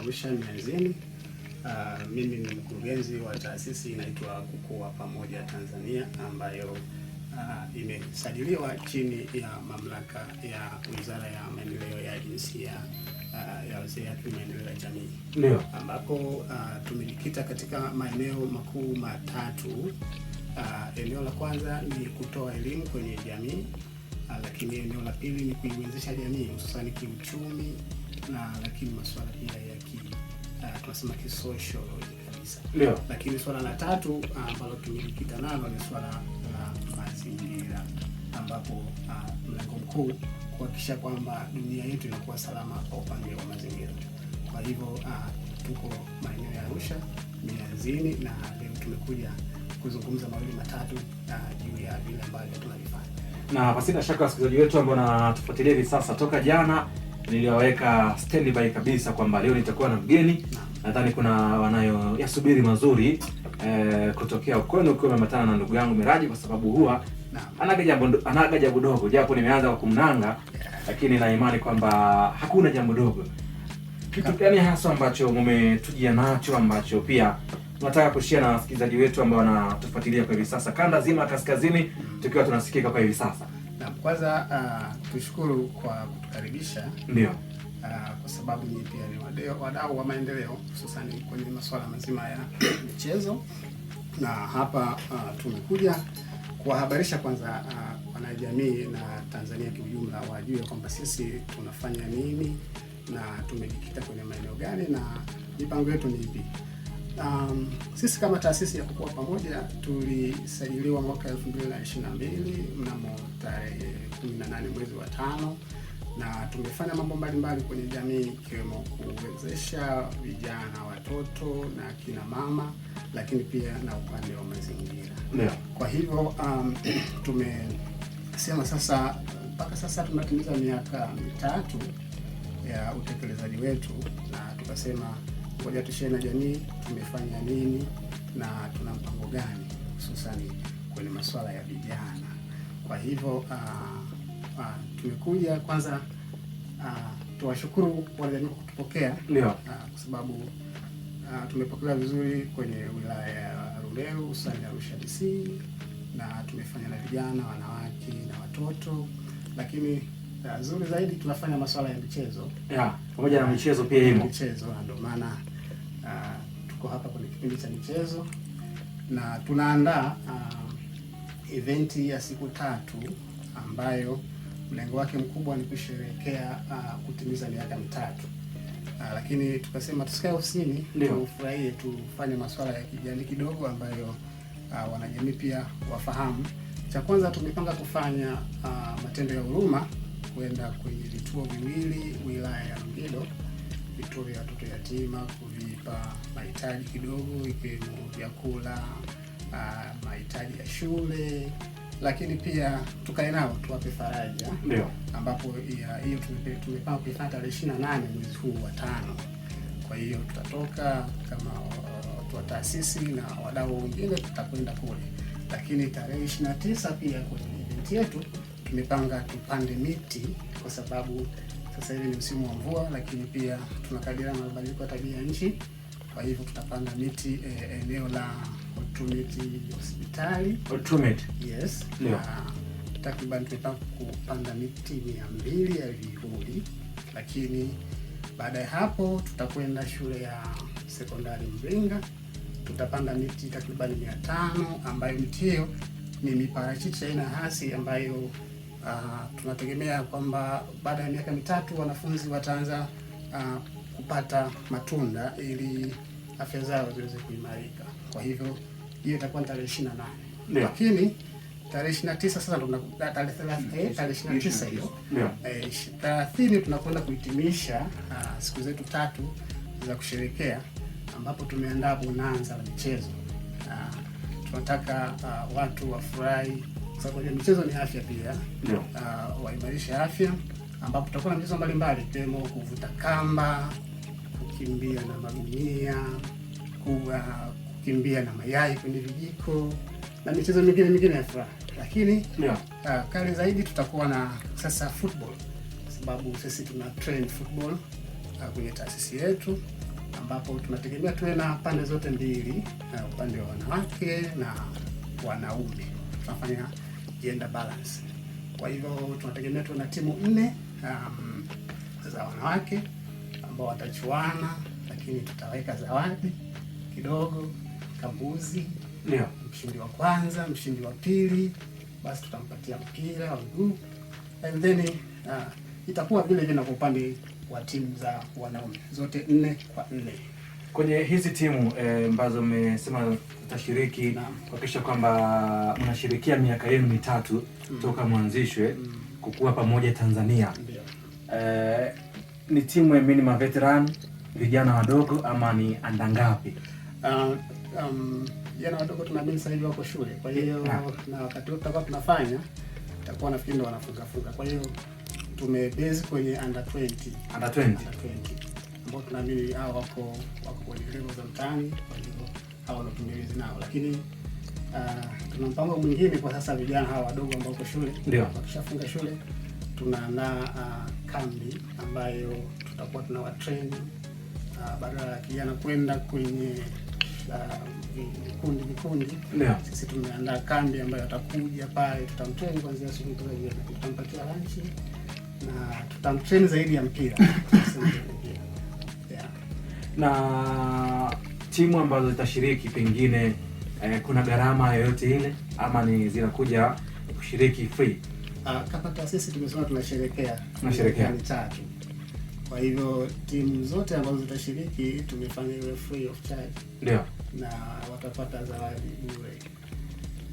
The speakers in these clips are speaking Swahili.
Arusha Mianzini. Uh, ah, mimi ni mkurugenzi wa taasisi inaitwa Kuku wa Pamoja Tanzania ambayo uh, imesajiliwa chini ya mamlaka ya Wizara ya Maendeleo ya Jinsia uh, ya Wazee ya Maendeleo ya Jamii Neo, ambapo uh, tumejikita katika maeneo makuu matatu. Uh, eneo la kwanza ni kutoa elimu kwenye jamii uh, lakini eneo la pili ni kuiwezesha jamii hususani kiuchumi na lakini masuala pia tunasema kisosholojia kabisa Lakini swala la tatu ah, ambalo uh, tumejikita nalo ni swala la mazingira ambapo uh, mlengo mkuu kuhakikisha kwamba dunia yetu inakuwa salama kwa upande wa mazingira. Kwa hivyo uh, tuko maeneo ya Arusha miazini na leo tumekuja kuzungumza mawili matatu uh, juu ya vile ambavyo tunavifanya, na pasina shaka wasikilizaji wetu ambao wanatufuatilia hivi sasa toka jana niliyoweka standby kabisa kwamba leo nitakuwa na mgeni. Nadhani kuna wanayo yasubiri mazuri eh, kutokea ukwenu ukiwa umeambatana na ndugu yangu Miraji, kwa sababu huwa anaga jambo dogo, japo nimeanza kwa kumnanga, lakini na imani kwamba hakuna jambo dogo. Kitu gani hasa ambacho mumetujia nacho ambacho pia tunataka kushia na wasikilizaji wetu ambao wanatufuatilia kwa hivi sasa kanda zima kaskazini, tukiwa tunasikika kwa hivi sasa? Kwanza uh, tushukuru kwa kutukaribisha ndio, uh, kwa sababu nyinyi pia ni wadau wa maendeleo hususani kwenye masuala mazima ya michezo, na hapa uh, tumekuja kuwahabarisha kwanza uh, wanajamii na Tanzania kiujumla wajue kwamba sisi tunafanya nini na tumejikita kwenye maeneo gani na mipango yetu ni ipi. Um, sisi kama taasisi ya Kukua Pamoja tulisajiliwa mwaka 2022 mnamo tarehe 18 mwezi wa tano, na tumefanya mambo mbalimbali kwenye jamii ikiwemo kuwezesha vijana, watoto na kina mama, lakini pia na upande wa mazingira yeah. Kwa hivyo um, tumesema sasa mpaka sasa tunatimiza miaka mitatu ya utekelezaji wetu na tukasema Ngoja tushare na jamii tumefanya nini na tuna mpango gani hususani kwenye masuala ya vijana. Kwa hivyo uh, uh, tumekuja kwanza uh, tuwashukuru wanajamii kwa kutupokea yeah. uh, kwa sababu uh, tumepokelewa vizuri kwenye wilaya ya rudeu hususani Arusha DC na tumefanya na vijana, wanawake na watoto, lakini zuri zaidi tunafanya masuala ya michezo pamoja, na michezo pia imo michezo, ndio maana na ah, tuko hapa kwenye kipindi cha michezo na tunaandaa uh, ah, eventi ya siku tatu ambayo mlengo wake mkubwa ni kusherehekea uh, kutimiza miaka mitatu. Uh, lakini tukasema tusikae ofisini, tufurahie, tufanye masuala ya kijamii kidogo ambayo uh, wanajamii pia wafahamu. Cha kwanza tumepanga kufanya uh, matendo ya huruma kwenda kwenye vituo viwili wilaya ya Longido vituo vya watoto yatima kuvipa mahitaji kidogo, ikiwemo vyakula, ah, mahitaji ya shule, lakini pia tukae nao tuwape faraja, ambapo hiyo tumepanga kuifanya tarehe ishirini na nane mwezi huu wa tano. Kwa hiyo tutatoka kama oh, watu wa taasisi na wadau wengine, tutakwenda kule, lakini tarehe ishirini na tisa pia kwenye eventi yetu tumepanga tupande miti kwa sababu sasa hivi ni msimu wa mvua, lakini pia tunakadiria na mabadiliko ya tabia ya nchi. Kwa hivyo tutapanda miti eh, eneo la Otumiti hospitali Otumiti. Yes, yeah. na takriban tumepanga kupanda miti mia mbili ya vivuli, lakini baada ya hapo tutakwenda shule ya sekondari Mbinga, tutapanda miti takriban mia tano ambayo miti hiyo ni miparachichi aina hasi ambayo uh, tunategemea kwamba baada ya miaka mitatu wanafunzi wataanza uh, kupata matunda ili afya zao ziweze kuimarika. Kwa hivyo hiyo itakuwa tarehe ishirini na nane lakini tarehe ishirini na tisa sasa ah, eh, tarehe ishirini na tisa hiyo eh, thelathini tunakwenda kuhitimisha uh, siku zetu tatu za kusherekea ambapo tumeandaa bonanza la michezo uh, tunataka uh, watu wafurahi kwenye michezo ni afya pia Uh, waimarishe afya ambapo tutakuwa na michezo mbalimbali ikiwemo kuvuta kamba, kukimbia na magunia, ah, kukimbia na mayai kwenye vijiko na michezo mingine mingine ya furaha, lakini yeah. Uh, kali zaidi tutakuwa na sasa football kwa sababu sisi tuna train football uh, kwenye taasisi yetu ambapo tunategemea tuwe na pande zote mbili, upande uh, wa wanawake na wanaume tunafanya gender balance. Kwa hivyo tunategemea tuwe na timu nne um, za wanawake ambao watachuana, lakini tutaweka zawadi kidogo kambuzi yeah. Mshindi wa kwanza, mshindi wa pili, basi tutampatia mpira wa miguu and then uh, itakuwa vile vile na kwa upande wa timu za wanaume zote nne kwa nne kwenye hizi timu eh, ambazo eh, mmesema tashiriki kuhakikisha kwamba mnashirikia miaka yenu mitatu mm. toka mwanzishwe mm. kukua pamoja Tanzania eh, ni timu ya mini veteran vijana wadogo ama ni anda ngapi? Uh, um, vijana wadogo tunaamini sasa hivi wako shule, kwa hiyo ah. na wakati tutakuwa tunafanya tutakuwa nafikiri ndo wanafungafunga, kwa hiyo tumebase kwenye under 20 under 20, under 20 ambao tunaamini hao wako wako kwenye level za mtaani, kwa hivyo hao wanatumilizi nao, lakini uh, tuna mpango mwingine kwa sasa, vijana hawa wadogo ambao wako shule, wakishafunga shule tunaandaa uh, kambi ambayo tutakuwa tuna watrain uh, ah, badala ya kijana kwenda kwenye vikundi vikundi Sisi tumeandaa kambi ambayo atakuja pale, tutamtrain kuanzia asubuhi mpaka jioni, tutampatia lunch na tutamtrain zaidi ya mpira na timu ambazo zitashiriki pengine eh, kuna gharama yoyote ile ama ni zinakuja kushiriki free? Uh, ah, kama taasisi tumesema tunasherekea tunasherekea tatu. Kwa hivyo timu zote ambazo zitashiriki tumefanya iwe free of charge, ndio, na watapata zawadi bure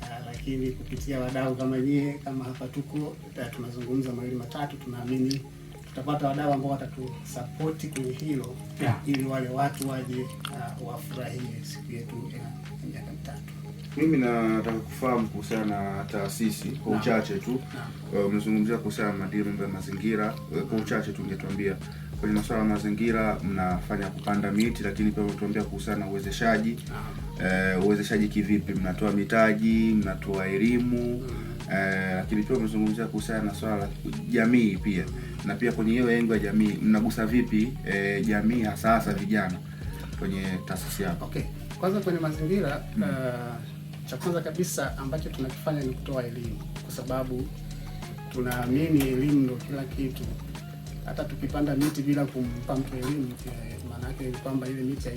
ah, lakini kupitia wadau kama nyie, kama hapa tuko eh, tunazungumza mawili matatu, tunaamini tutapata wadau ambao watatusapoti kwenye hilo yeah, ili wale watu waje uh, wafurahie siku yetu ya miaka mitatu. Mimi nataka kufahamu kuhusiana na taasisi kwa uchache tu, uh, umezungumzia kuhusiana na madini ya mazingira uh, kwa uchache tu, ungetuambia kwenye masuala ya mazingira mnafanya kupanda miti, lakini pia mnatuambia kuhusiana na uwezeshaji uh, uwezeshaji kivipi? Mnatoa mitaji, mnatoa elimu mm. uh, lakini pia umezungumzia kuhusiana na swala la jamii pia na pia kwenye hiyo engo ya jamii mnagusa vipi e, jamii hasa hasa vijana kwenye taasisi yako? Okay, kwanza kwenye mazingira mm. Uh, cha kwanza kabisa ambacho tunakifanya ni kutoa elimu, kwa sababu tunaamini elimu ndio kila kitu. Hata tukipanda miti bila kumpa mtu elimu, eh, maana yake ni kwamba ile miti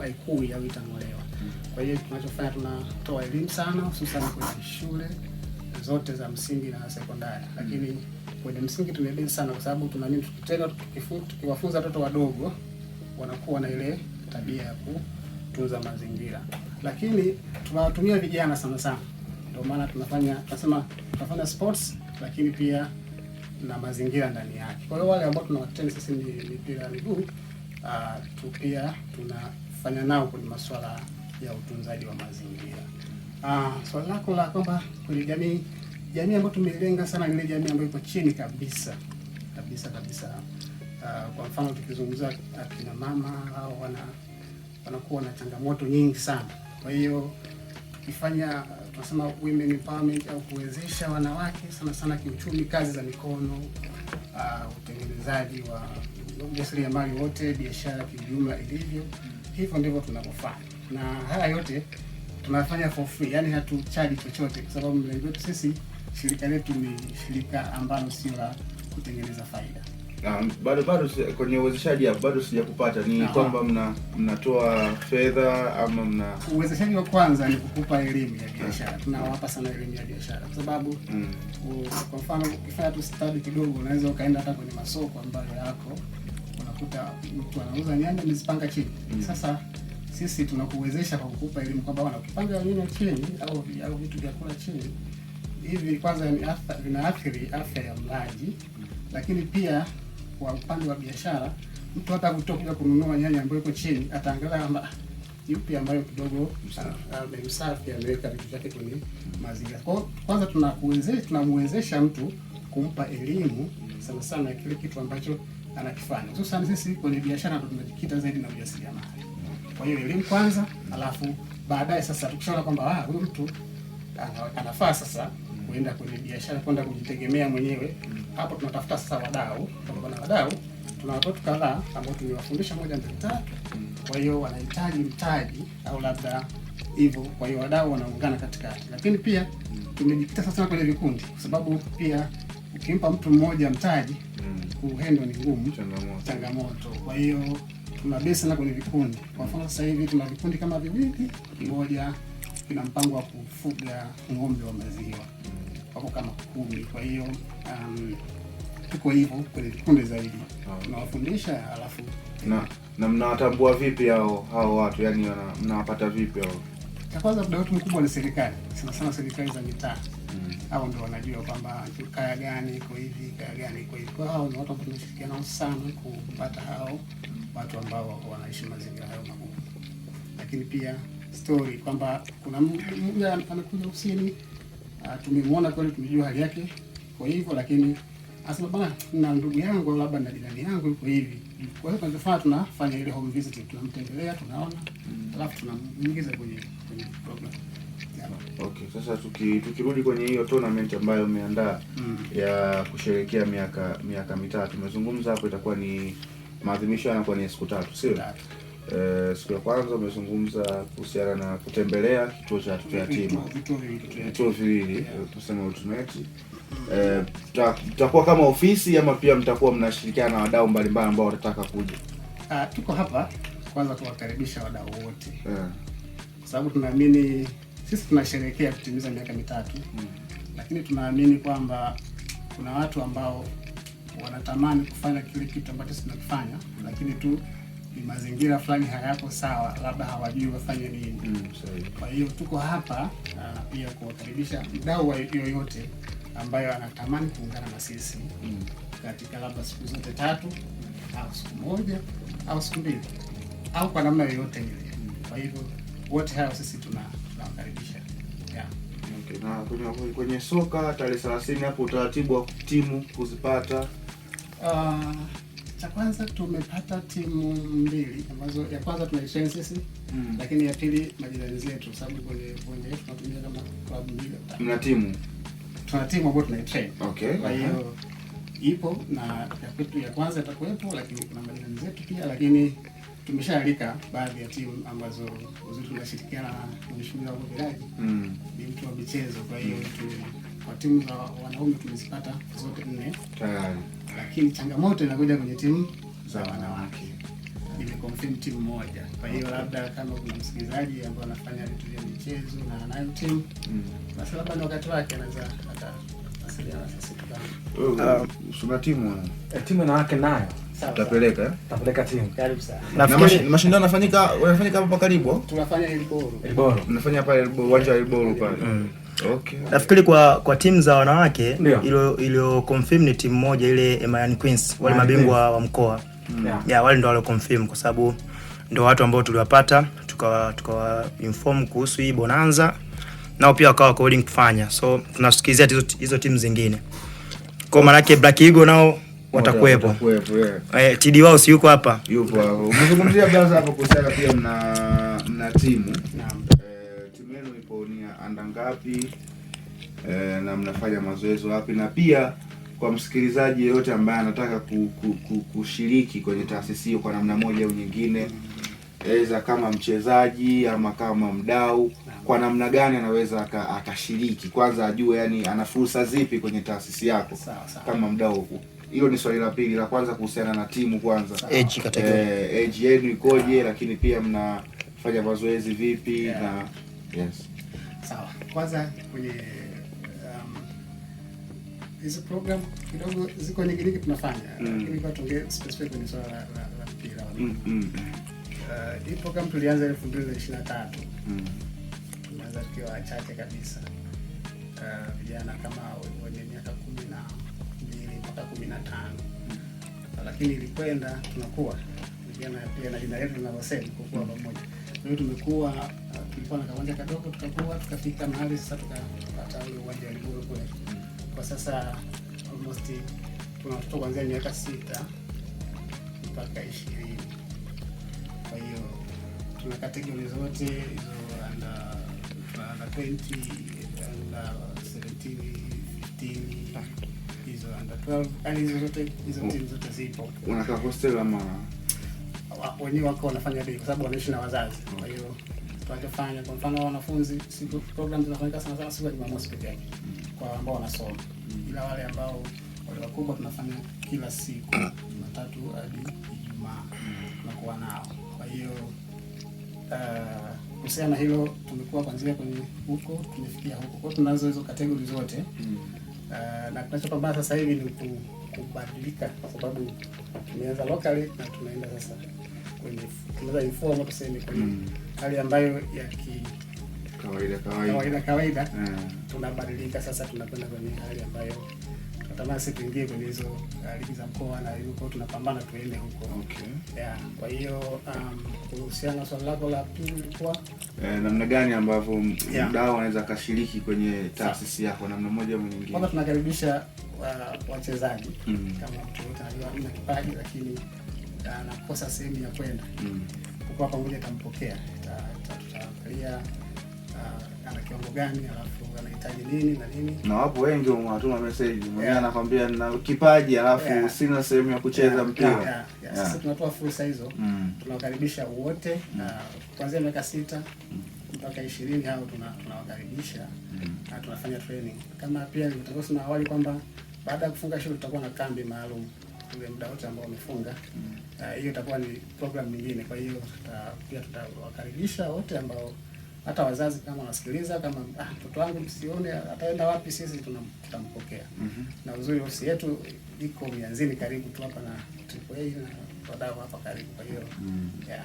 haikui au itang'olewa. Hmm. Kwa hiyo tunachofanya tunatoa elimu sana, hususan kwenye shule zote za msingi na sekondari, lakini mm kwenye msingi tunadili sana, kwa sababu tuna nini, tukitenda, tukiwafunza watoto wadogo wanakuwa na ile tabia ya kutunza mazingira, lakini tunawatumia vijana sana sana. Ndio maana tunafanya tunasema tunafanya sports, lakini pia na mazingira ndani yake. Kwa hiyo wale ambao tunawatenga sisi ni mipira ya miguu uh, pia tunafanya nao kwenye masuala ya utunzaji wa mazingira. Uh, swali lako la kwamba kwenye jamii jamii ambayo tumelenga sana ni ile jamii ambayo iko chini kabisa kabisa kabisa. Uh, kwa mfano tukizungumza akina mama au wana wanakuwa na changamoto nyingi sana. Kwa hiyo tukifanya tunasema women empowerment au kuwezesha wanawake sana sana kiuchumi, kazi za mikono, uh, utengenezaji wa ujasiriamali wote, biashara kijumla ilivyo, hivyo ndivyo tunavyofanya, na haya yote tunafanya for free, yani hatuchaji chochote, kwa sababu mlengo wetu sisi shirika letu ni shirika ambalo sio la kutengeneza faida. Na bado bado kwenye uwezeshaji hapo bado sijakupata, ni kwamba mna mnatoa fedha ama mna... Uwezeshaji wa kwanza ni kukupa elimu ya biashara. Tunawapa sana elimu ya biashara kwa sababu mm. Kwa mfano ukifanya tu study kidogo, unaweza ukaenda hata kwenye masoko ambayo yako unakuta mtu anauza nyanya amezipanga chini mm. Sasa sisi tunakuwezesha kwa kukupa elimu kwamba ukipanga nyanya chini au au vitu vya kula chini hivi kwanza vinaathiri afya ya mlaji, lakini pia kwa upande wa biashara, mtu hata kutoka kununua nyanya ambayo iko chini ataangalia yupi ah, ambayo kidogo ah, msafi ameweka vitu vyake kwenye mazingira. Kwa kwanza tunakuwezesha tunamwezesha mtu kumpa elimu sana sana kile kitu ambacho anakifanya. Hususan sisi kwenye biashara ndo tunajikita zaidi na ujasiriamali. Kwa hiyo elimu kwanza, alafu baadaye sasa tukishaona kwamba ah, huyu mtu anafaa sasa kuenda kwenye biashara, kwenda kujitegemea mwenyewe. Hapo tunatafuta sasa wadau, na wadau tuna watoto kadhaa ambao tumewafundisha moja mbili tatu, kwa hiyo wanahitaji mtaji au labda hivyo. Kwa hiyo wadau wanaungana katikati, lakini pia tumejikita sasa kwenye vikundi, kwa sababu pia ukimpa mtu mmoja mtaji kuhendwa ni ngumu, changamoto. Kwa hiyo tuna sana kwenye vikundi. Kwa mfano sasa hivi tuna vikundi kama viwili, kimoja tuna mpango wa kufuga ng'ombe wa maziwa wako kama kumi. Kwa hiyo um, tuko hivyo kwenye vikundi zaidi tunawafundisha ah. alafu na na mnawatambua vipi hao hao watu yani, mnawapata vipi hao? Cha kwanza muda wetu mkubwa ni serikali, sana sana serikali za mitaa mm. Hao ndio wanajua kwamba kaya gani iko hivi, kaya gani iko hivi. Kwa hao ni watu ambao tunashirikiana nao sana kupata hao watu ambao wanaishi mazingira hayo magumu, lakini pia story kwamba kuna mtu mmoja amekuja ofisini, ah, tumemwona kweli, tumejua hali yake kwa hivyo, lakini asema bana, na ndugu yangu labda na jirani yangu yuko hivi. Kwa hiyo tunachofanya tunafanya ile home visit, tunamtembelea, tunaona alafu tunamuingiza kwenye kwenye program. Okay, sasa tuki, tukirudi kwenye hiyo tournament ambayo umeandaa mm. ya kusherehekea miaka miaka mitatu, umezungumza hapo itakuwa ni maadhimisho yanakuwa ni siku tatu, sio? Eh, siku ya kwanza umezungumza kuhusiana na kutembelea kituo cha watoto yatima, vituo viwili eh, tuseme ultimate. Eh, mtakuwa kama ofisi ama pia mtakuwa mnashirikiana na wadau mbalimbali ambao watataka kuja? Uh, tuko hapa kwanza kuwakaribisha wadau wote yeah. Kwa sababu tunaamini sisi tunasherehekea kutimiza miaka mitatu mm. Lakini tunaamini kwamba kuna watu ambao wanatamani kufanya kile kitu ambacho tunakifanya, lakini tu ni mazingira fulani hayako sawa, labda hawajui wafanye nini. Mm, kwa hiyo tuko hapa pia kuwakaribisha mdau yoyote ambayo anatamani kuungana na sisi mm, katika labda siku zote tatu au siku moja au siku mbili au kwa namna yoyote ile. Mm. Kwa hivyo wote hayo sisi tunawakaribisha tuna na kwenye, kwenye soka tarehe 30 hapo utaratibu wa timu kuzipata uh, cha kwanza tumepata timu mbili ambazo ya kwanza tunaishaini sisi mm. lakini ya pili majirani zetu, sababu kwenye kwenye tunatumia kama club mbili. Tuna timu tuna timu ambayo tunaitrain. Okay, kwa hiyo uh -huh. ipo na ya kwetu ya kwanza itakuwepo, lakini kuna majirani zetu pia, lakini tumeshaalika baadhi ya timu ambazo uzuri tunashirikiana na mheshimiwa wa mm. ni mtu wa michezo, kwa hiyo mm kwa timu za wanaume tumezipata zote nne, lakini changamoto inakuja kwenye timu za wanawake. Nimeconfirm timu moja. Kwa hiyo okay. labda kama kuna msikilizaji ambaye anafanya vitu vya michezo na anayo timu mm. basi, labda ni wakati wake anaweza atawasiliana sasa. Suna ah. timu eh, timu wake nayo Tapeleka eh? tapeleka timu. Karibu sana. Na mashindano yanafanyika yanafanyika hapa karibu? Tunafanya Elboro. Elboro. Mnafanya pale Elboro, uwanja wa Elboro pale. Mm. Okay. Nafikiri kwa kwa timu za wanawake ilo confirm ni timu moja ile eh, Imayani Queens wale mabingwa wa mkoa. Mm. Yeah. Yeah, wale ndo walio confirm kwa sababu ndo watu ambao tuliwapata tukawa tukawa inform kuhusu hii bonanza nao pia wakawa calling kufanya. So tunasikizia hizo hizo timu zingine. Kwa maana yake Black Eagle nao watakuwepo. Eh, TD wao si yuko hapa? Yupo hapo. Umezungumzia blaza hapo kuhusiana pia mna mna timu ngapi e, na mnafanya mazoezi wapi, na pia kwa msikilizaji yeyote ambaye anataka ku, ku, ku, kushiriki kwenye taasisi hiyo kwa namna moja au nyingine, aidha kama mchezaji ama kama mdau, kwa namna gani anaweza akashiriki? Kwanza ajue yani ana fursa zipi kwenye taasisi yako kama mdau huko. Hilo ni swali la pili. La kwanza kuhusiana na timu kwanza, e, age yenu ikoje, lakini pia mnafanya mazoezi vipi? yeah. na yes Sawa, kwanza kwenye um, hizo um, program kidogo ziko nyingi nyingi tunafanya mm. lakini kwa tunge specific kwenye swala la, la, mpira wa mm, mm, miguu mm. Uh, program tulianza 2023 mm. Tulianza tukiwa wachache kabisa uh, vijana kama wenye miaka kumi na mbili mpaka kumi na tano mm. lakini ilikwenda tunakuwa vijana pia na jina letu linavyosema kukua pamoja, kwa hiyo tumekuwa tulikuwa na kiwanja kadogo, tukakua tukafika mahali sasa tukapata ule uwanja wa Liguru kule. Kwa sasa almost kuna watoto kuanzia miaka sita mpaka ishirini. Kwa hiyo tuna kategori zote hizo, under under 20, under 17, 15 hizo under 12, yani hizo zote hizo timu zote zipo. Wanakaa hostel ama wenyewe wako wanafanya day, kwa sababu wanaishi na wazazi, kwa hiyo tunachofanya. Kwa mfano wanafunzi, siku program zinafanyika sana sana siku ya Jumamosi peke yake kwa ambao wanasoma, ila wale ambao wale wakubwa tunafanya kila siku Jumatatu hadi Ijumaa tunakuwa nao. Kwa hiyo eh, kuhusiana na hilo tumekuwa kuanzia kwenye huko tumefikia huko, kwa tunazo hizo kategori zote Uh, na tunachopambana sasa hivi ni kubadilika, kwa sababu tumeanza locally na tunaenda sasa kwenye tunaweza inform tuseme kwenye mm hali ambayo ya ki kawaida kawaida, kawaida, kawaida. Hmm. Tunabadilika sasa, tunakwenda kwenye hali ambayo tunatamani sisi tuingie kwenye hizo ligi za mkoa na huko tunapambana tuende huko. Okay. Yeah, kwa hiyo um, kuhusiana swala swali lako la pili lilikuwa eh, namna gani ambavyo yeah, mdau anaweza akashiriki kwenye taasisi yako namna moja au nyingine? Kwanza tunakaribisha uh, wachezaji wa mm. kama mtu yote anajua ana kipaji lakini uh, anakosa sehemu ya kwenda mm. kwa pamoja tampokea kuangalia uh, ana kiwango gani alafu anahitaji nini na nini. Na wapo wengi wanatuma message mwenyewe yeah. anakwambia nina kipaji alafu yeah. sina sehemu ya kucheza yeah. mpira yeah. Yeah. Yeah. Sasa tunatoa fursa hizo mm. tunawakaribisha wote mm. uh, kuanzia miaka sita mm mpaka ishirini hao tunawakaribisha mm. na tunafanya training kama pia nilivyosema awali kwamba baada ya kufunga shule tutakuwa na kambi maalum ule muda wote ambao wamefunga mm. eh, hiyo. Uh, itakuwa ni program nyingine. Kwa hiyo pia tutawakaribisha wote ambao hata wazazi kama wanasikiliza kama ah, mtoto wangu msione ataenda wapi, sisi tutampokea. mm -hmm. Na uzuri ofisi yetu iko Mianzini, karibu tu hapa na AAA na wadau hapa karibu, kwa hiyo mm yeah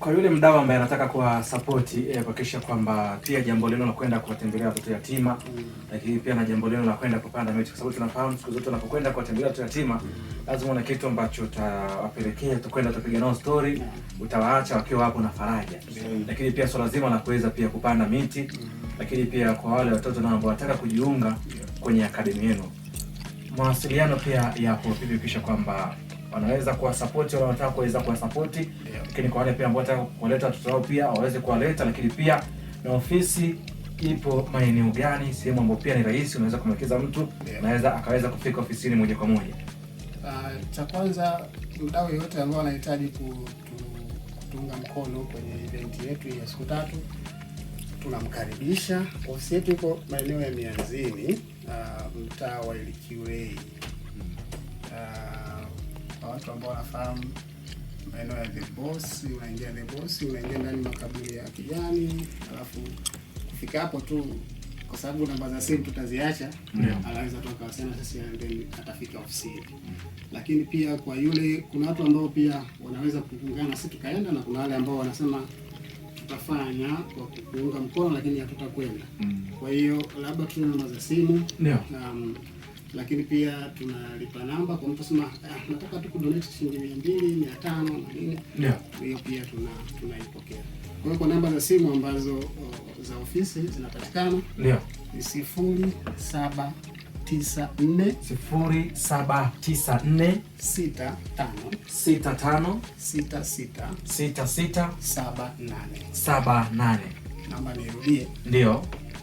kwa yule mdau ambaye anataka kuwa support eh, kuhakikisha kwamba pia jambo leno la kwenda kuwatembelea watoto yatima mm. lakini pia na jambo leno la kwenda kupanda miti, kwa sababu tunafahamu siku zote unapokwenda kuwatembelea watoto yatima mm. lazima una kitu ambacho utawapelekea, tukwenda tupige nao story mm. utawaacha wakiwa hapo na faraja mm. lakini pia swala zima la kuweza pia kupanda miti mm. lakini pia kwa wale watoto nao ambao wanataka kujiunga kwenye akademi yenu, mawasiliano pia yapo vipi, kisha kwamba wanaweza kuwasapoti wale wanataka kuweza kuwasapoti yeah. Lakini kwa wale pia ambao wanataka kuleta watoto wao pia waweze kuwaleta, lakini pia na ofisi ipo maeneo gani, sehemu ambayo pia ni rahisi unaweza kumwekeza mtu yeah. akaweza kufika ofisini moja kwa moja. Uh, cha kwanza mdau yoyote ambao anahitaji kutunga mkono kwenye event yetu ya siku tatu tunamkaribisha. Ofisi yetu iko maeneo ya Mianzini, uh, mtaa wa Ilikiwei watu ambao wanafahamu maeneo ya The Boss, unaingia The Boss, unaingia ndani makaburi ya kijani, alafu kufika hapo tu, kwa sababu namba za simu tutaziacha, Anaweza tu akawasiliana sisi and then atafika ofisini, lakini pia kwa yule, kuna watu ambao pia wanaweza kuungana sisi tukaenda, na kuna wale ambao wanasema tutafanya kwa kuunga mkono, lakini hatutakwenda. Mm. Kwa hiyo labda tuna namba za simu, ndio, um, lakini pia tunalipa namba kwa mtu sema tunataka ah, tu kudonate shilingi mia mbili mia tano na nini, hiyo pia tuna tunaipokea. Kwa hiyo kwa namba za simu ambazo o, za ofisi zinapatikana ni 0794 saba tisa nne sifuri saba tisa nne Namba nirudie, ndio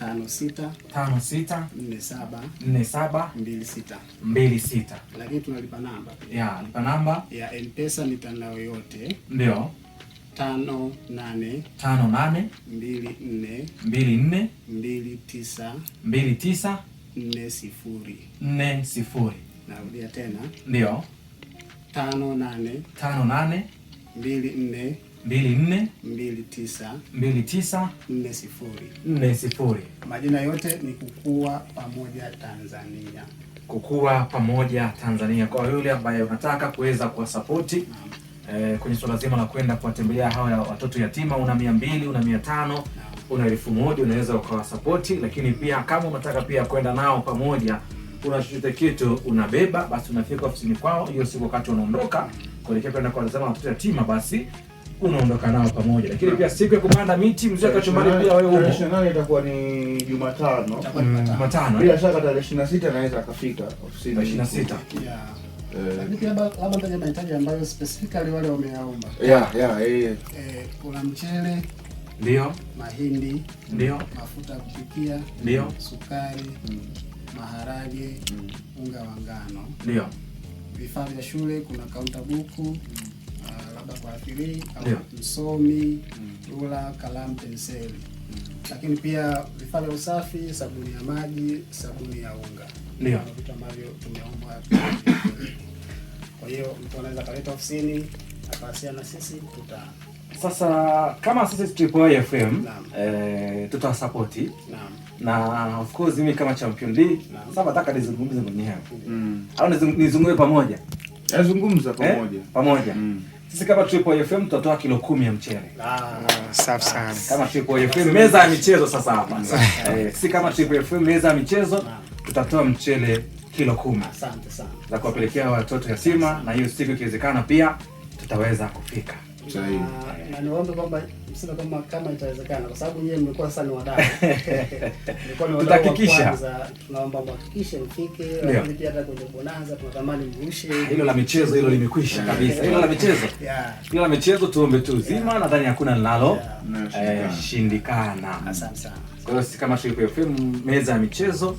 tano sita tano sita nne saba nne saba mbili sita mbili sita. Lakini tunalipa namba ya lipa namba ya mpesa mitandao yote ndio tano nane tano nane mbili nne mbili nne mbili tisa mbili tisa nne sifuri nne sifuri. Narudia tena ndio tano nane tano nane mbili nne mbili nne mbili tisa mbili tisa nne sifuri nne sifuri. Majina yote ni Kukua Pamoja Tanzania, Kukua Pamoja Tanzania, kwa yule ambaye unataka kuweza kuwasapoti eh, kwenye swala zima la kwenda kuwatembelea hawa ya watoto yatima. Una mia mbili una mia tano una elfu moja unaweza ukawasapoti, lakini pia kama unataka pia kwenda nao pamoja una chochote kitu unabeba basi, unafika ofisini kwao hiyo siku, wakati unaondoka kuelekea kwenda kuwatazama watoto yatima, basi unaondoka nao pamoja, lakini pia siku ya kupanda miti mzee akachumbani pia wewe huko. Tarehe 28 itakuwa ni Jumatano. Mm. Jumatano. Eh? Bila shaka tarehe 26 naweza akafika ofisini. 26. Eh. Lakini pia labda ndio mahitaji ambayo specifically wale wameyaomba. Yeah, yeah, eh. Eh, kuna mchele. Ndio. Mahindi. Ndio. Mafuta ya kupikia. Ndio. Sukari. Mm. Maharage. Mm. Unga wa ngano. Ndio. Vifaa vya shule kuna kaunta buku hatuathiri au hatusomi rula, kalamu, penseli, lakini pia vifaa vya usafi, sabuni ya maji, sabuni ya unga, ndio vitu ambavyo tumeombwa. Kwa hiyo mtu anaweza kaleta ofisini akawasiliana na sisi tuta sasa kama sisi Tripwire FM eh, tutawasapoti na of course, mimi kama champion D sasa nataka nizungumze mwenyewe mm. au nizungumze pamoja, nazungumza pamoja eh, pamoja mm. Sisi kama Triple FM tutatoa kilo kumi ya mchele. Ah, safi ah, sana. Kama Triple FM meza ya michezo sasa hapa. Ah. Eh, sisi kama Triple FM meza ya michezo ah. tutatoa mchele kilo kumi. Asante sana. Za kuwapelekea watoto yatima na hiyo siku ikiwezekana pia tutaweza kufika na niwaombe kwamba kama kama itawezekana, kwa sababu yeye mmekuwa sasa ni wadau, ni wadau wa kwanza. Tunaomba mhakikishe mfike, lakini pia hata kwenye bonanza tunatamani mrushe. Hilo la michezo hilo limekwisha kabisa, hilo la michezo hilo la michezo, tuombe tu zima, nadhani hakuna linalo eh, shindikana. Asante sana. Kwa hiyo kama Shirikwe FM meza ya michezo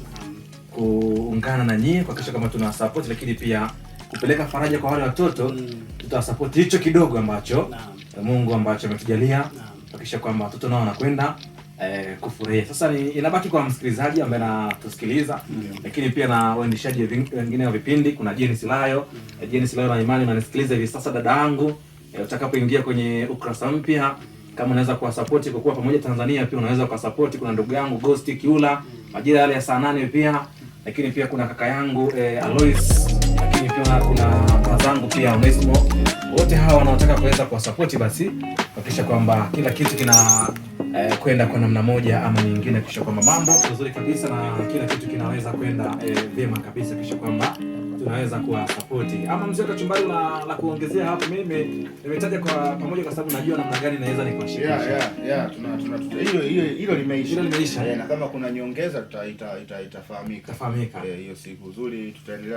kuungana na nyie kuhakikisha kama tuna support, lakini pia kupeleka faraja kwa wale watoto mm. tutawasapoti hicho kidogo ambacho Naam. Mungu ambacho ametujalia nah. kwamba watoto nao wanakwenda eh, kufurahia. Sasa ni inabaki kwa msikilizaji ambaye anatusikiliza mm. lakini pia na waendeshaji wengine wa vipindi. Kuna Jeni Silayo mm. Jeni Silayo na Imani unanisikiliza hivi sasa, dada yangu eh, utakapoingia kwenye ukurasa mpya kama unaweza kuwasapoti kwa kuwa pamoja Tanzania, pia unaweza kuwasapoti. Kuna ndugu yangu Ghost Kiula majira yale ya saa nane pia, lakini pia kuna kaka yangu eh, Alois lakini pia kuna wazangu pia Onesmo, wote hawa wanaotaka kuweza kuwasapoti, basi kuhakikisha kwamba kila kitu kina eh, kwenda kwa namna moja ama nyingine, kisha kwamba mambo mazuri kabisa na kila kitu kinaweza kwenda eh, vyema kabisa, kisha kwamba tunaweza kuwa kuwasapoti. Ama mzee kachumbari, na la kuongezea hapo? Mimi nimetaja kwa pamoja kwa sababu najua namna gani naweza nikuashirikisha. Yeah, yeah, tuna tuna hiyo hiyo hilo limeisha, hilo limeisha, eh, na kama kuna nyongeza tutaita itafahamika, itafahamika eh, hiyo siku nzuri, tutaendelea